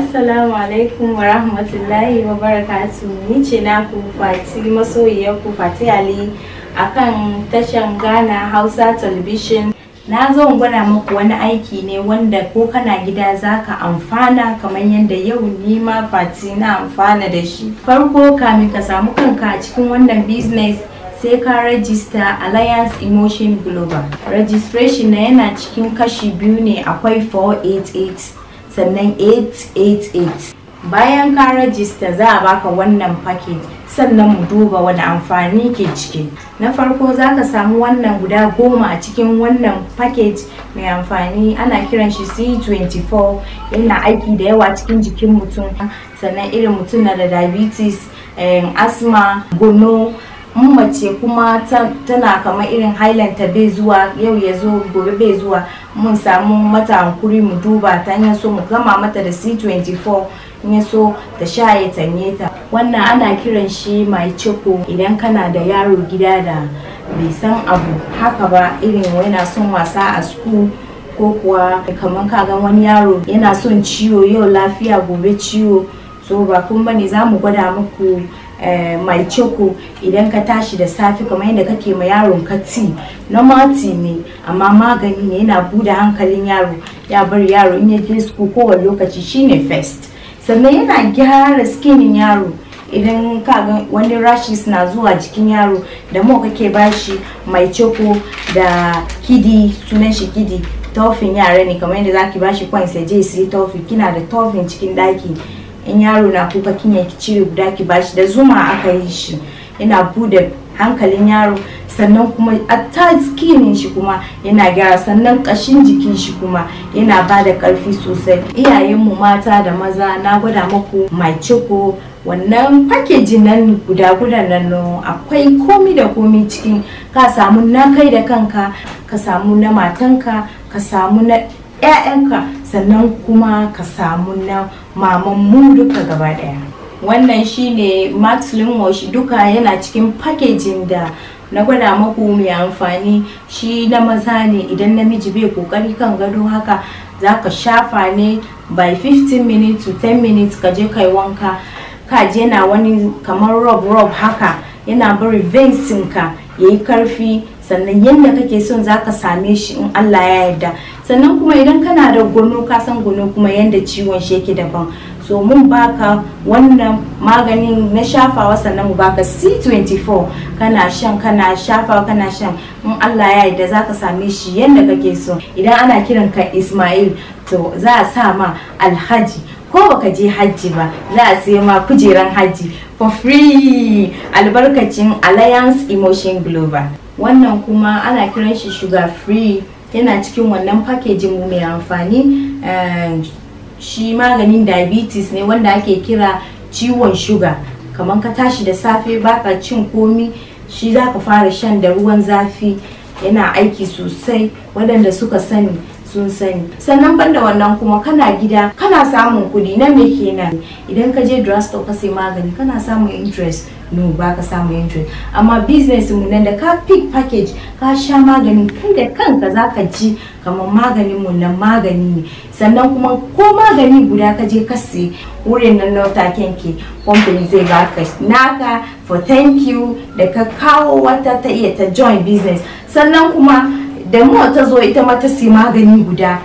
Assalamu alaikum wa rahmatullahi wa barakatu ni ce na ku fati masoyiyar ku fati Ali akan tashan Ghana Hausa Television na zo gwada muku wani aiki ne wanda ko kana gida zaka amfana kamar yadda yau ni ma fati na amfana da shi farko kamin ka samu kanka a cikin wannan business sai ka rajista alliance emotion global registration na yana cikin kashi biyu ne akwai 488 sannan 888 bayan ka rajista za a baka wannan package sannan mu duba wani amfani ke ciki na farko za ka samu wannan guda goma a cikin wannan package mai amfani ana kiran shi c24 yana aiki da yawa cikin jikin mutum sannan irin mutum na da diabetes eh, asma gono in mace kuma tana kama irin hailanta bai zuwa yau ya zo gobe bai zuwa mun samu mata hankuri mu duba ta yin so mu gama mata da c24 in so ta sha ya tanye ta wannan ana kiran shi mai ciko idan kana da yaro gida da bai san abu haka ba irin yana son wasa a school ko kuwa kamar kaga wani yaro yana son ciwo yau lafiya gobe ciwo so ba kun bane za mu gwada muku Eh, mai ciko idan ka tashi da safe kamar yadda kake ma yaron ka ti normal ti ne amma magani ne yana bude hankalin yaro ya bar yaro in ya je school kowane lokaci shine first sannan yana gyara skinin yaro idan ka ga wani rashes na zuwa jikin yaro da mu kake bashi mai ciko da kidi sunan shi kidi tofin yara ne kamar yadda zaki bashi coins ya je sai tofin kina da tofin cikin daki in yaro na kuka kinya ki cire guda ki bashi da zuma aka yi shi yana bude hankalin yaro sannan kuma atta skinin shi kuma yana gyara sannan kashin jikin shi kuma yana ba da karfi sosai mu mata da maza na gwada maku mai ciko wannan fakeji nan guda guda nan akwai komi da komi cikin ka samu na kai da kanka ka samu na matanka ka samu na 'ya'yanka sannan kuma ka samu na maman mu duka gaba daya wannan shine max wash duka yana cikin packaging da na gwada maku mai amfani shi na maza ne idan namiji bai kokari kan gado haka zaka shafa ne by 15 minutes to 10 minutes ka je kai wanka ka je na wani kamar rob rob haka yana bari veins ka ya yi karfi sannan yadda kake son za ka same shi in Allah ya yarda sannan kuma idan kana da gono ka san gono kuma yadda ciwon shi yake daban so mun baka wannan maganin na shafawa sannan mu baka C24 kana shan kana shafawa kana shan in Allah ya yarda za ka same shi yadda kake so idan ana kiran ka Ismail to za a sa ma Alhaji ko baka je hajji ba za a sayo ma kujeran hajji for free albarkacin alliance emotion global wannan kuma ana kiran shi sugar free yana cikin wannan packaging mu mai amfani eh, shi maganin diabetes ne wanda ake kira ciwon sugar kamar ka tashi da safe baka cin komi shi za ka fara shan da ruwan zafi yana aiki sosai waɗanda suka sani sun sani sannan banda wannan kuma kana gida kana samun kuɗi na me kenan idan ka je drugstore ka sai magani kana samun interest no ba ka samun interest amma business mu nan da ka pick package ka sha magani kai da kanka za ka ji kamar maganin mu nan magani ne sannan kuma ko magani guda ka je ka wurin nan na taken ke company zai ba ka naka for thank you da ka kawo wata ta iya ta join business sannan kuma da mu ta zo ita ma ta si magani guda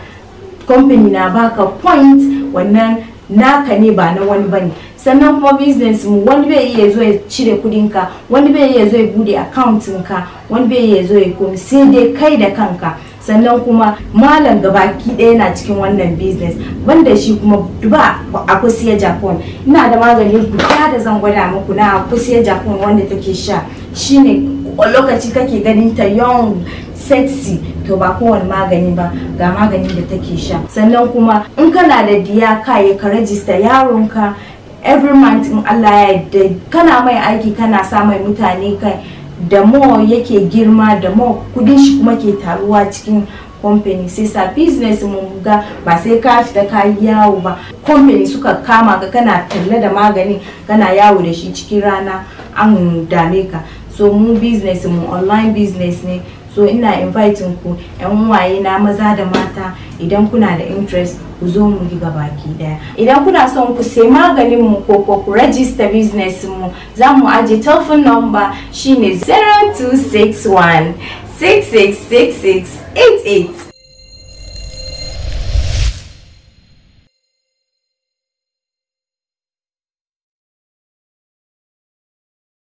company na baka point wannan naka ne ba na wani bane sannan kuma business mu wani bai iya zo ya cire kudin ka wani bai iya zo ya bude account ka wani bai iya zo ya komi sai dai kai da kanka sannan kuma malam gabaki ɗaya na cikin wannan business banda shi kuma ba a kusiya japan ina da maganin guda da zan gwada muku na a kusiya japan wanda take sha shine lokaci kake ganin ta young sexy to ba kowane magani ba ga magani da take sha sannan kuma in kana da diya ka ya ka rajista yaronka every month in Allah ya yarda kana mai aiki kana sa mai mutane kai da mo yake girma da mo kudin shi kuma ke taruwa cikin company sai sa business mun ga ba sai ka fita ka yawo ba company suka kama ka kana talle da magani kana yawo da shi cikin rana an dame ka so mu business mu online business ne so ina inviting ku yan waye na maza da mata idan kuna da interest ku zo mu gaba baki daya idan kuna son ku sai maganin mu ko ko ku register business mu za mu aje telephone number shine 0261 666688